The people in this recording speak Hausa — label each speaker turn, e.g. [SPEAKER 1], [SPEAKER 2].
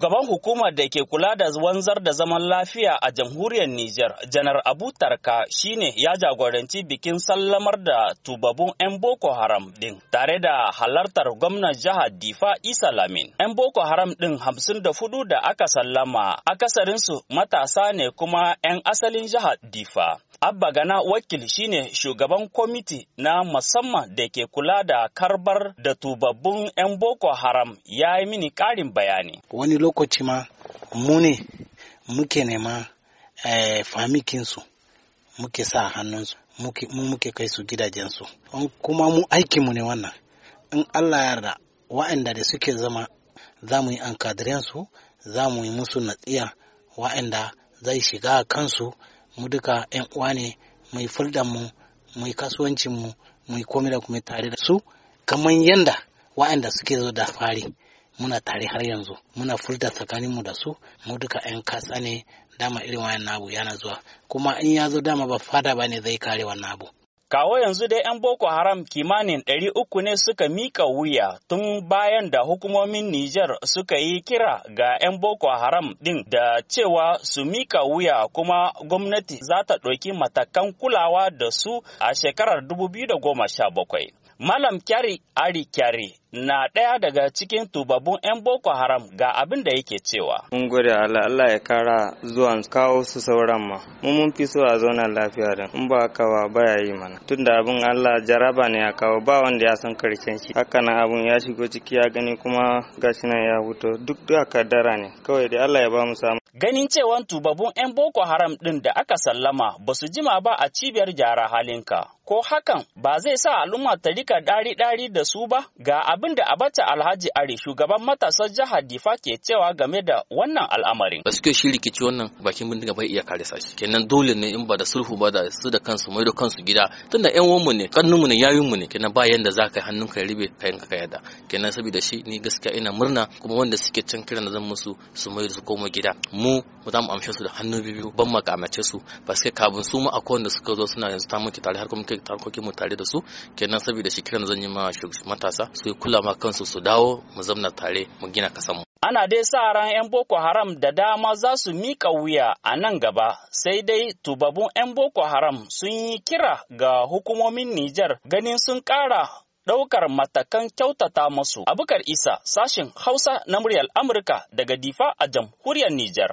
[SPEAKER 1] Gaban hukumar da ke kula da wanzar da zaman lafiya a jamhuriyar Nijar, Janar Abu Tarka shine ya jagoranci bikin sallamar da tubabun 'yan Boko Haram ɗin, tare da halartar gwamnan jihar Difa Isa Lamin. 'Yan Boko Haram ɗin, hamsin da fudu da aka sallama, akasarinsu matasa ne kuma 'yan asalin jihar Difa. Abba Gana Wakil shine shugaban kwamiti na musamman da ke kula da karbar da tubabbun 'yan Boko Haram ya yi mini ƙarin bayani.
[SPEAKER 2] Wani lokaci ma mu ne muke nema eh, famikinsu muke sa hannunsu mu muke kai su gidajensu kuma mu aikinmu ne wannan in allah yarda wa'anda da suke zama za mu yi an su za mu yi musu natsiya wa'anda zai shiga kansu mu duka 'yan uwa ne mai fuldanmu mai kasuwancinmu mai komai da kuma tare da su kamar yanda wa'anda suke zo da fari muna tare har yanzu muna furta tsakanin mu da su mu duka 'yan kasa ne dama irin wayan abu yana zuwa kuma in ya zo dama ba fada ba ne zai kare wannan abu
[SPEAKER 1] Kawo yanzu dai 'yan Boko Haram kimanin ɗari uku ne suka mika wuya tun bayan da hukumomin Nijar suka yi kira ga 'yan Boko Haram ɗin da cewa su mika wuya kuma gwamnati za ta ɗauki matakan kulawa da su a shekarar sha bakwai. Malam Kyari Ari Kyari na ɗaya daga cikin tubabun 'yan boko haram ga abin da yake cewa.
[SPEAKER 3] mun gode Allah Allah ya kara zuwa kawo su sauran ma mun mun fi so a zauna lafiya da in ba kawa baya yi mana tunda abin Allah jaraba ne ya kawo ba wanda ya san karshen shi haka nan abin ya shigo ciki ya gani kuma gashi nan ya huto duk da dara
[SPEAKER 1] ne kawai dai Allah ya ba mu samu. ganin cewa tubabun 'yan boko haram ɗin da aka sallama ba su jima ba a cibiyar gyara halinka ko hakan ba zai sa al'umma ta rika ɗari-ɗari da su ba ga abin abin da abata Alhaji Are shugaban matasan jihar Difa ke cewa game
[SPEAKER 4] da wannan al'amarin. Ba suke shi rikici wannan bakin bindiga bai iya kare sashi. Kenan dole ne in ba da sulhu ba da su da kansu mai da kansu gida tunda ƴan uwanmu ne, kannunmu ne, mu ne. Kenan ba yanda za ka hannun ka ribe kayan ka yada. Kenan saboda shi ni gaskiya ina murna kuma wanda suke can kiran zan musu su mai su koma gida. Mu mu za mu amshe su da hannu biyu ban ma kamace su ba suke kabin su mu akwai wanda suka zo suna yanzu ta muke tare har kuma kai tarkokin mu tare da su. Kenan saboda shi kiran zan yi ma matasa su ma kansu su dawo mu zamna tare mu gina kasanmu.
[SPEAKER 1] Ana dai sa ran 'yan Boko Haram da dama za su miƙa wuya a nan gaba, sai dai tubabun 'yan Boko Haram sun yi kira ga hukumomin Nijar ganin sun ƙara ɗaukar matakan kyautata masu. Abukar Isa, sashin Hausa na muryar Amurka daga Difa a jamhuriyar Nijar.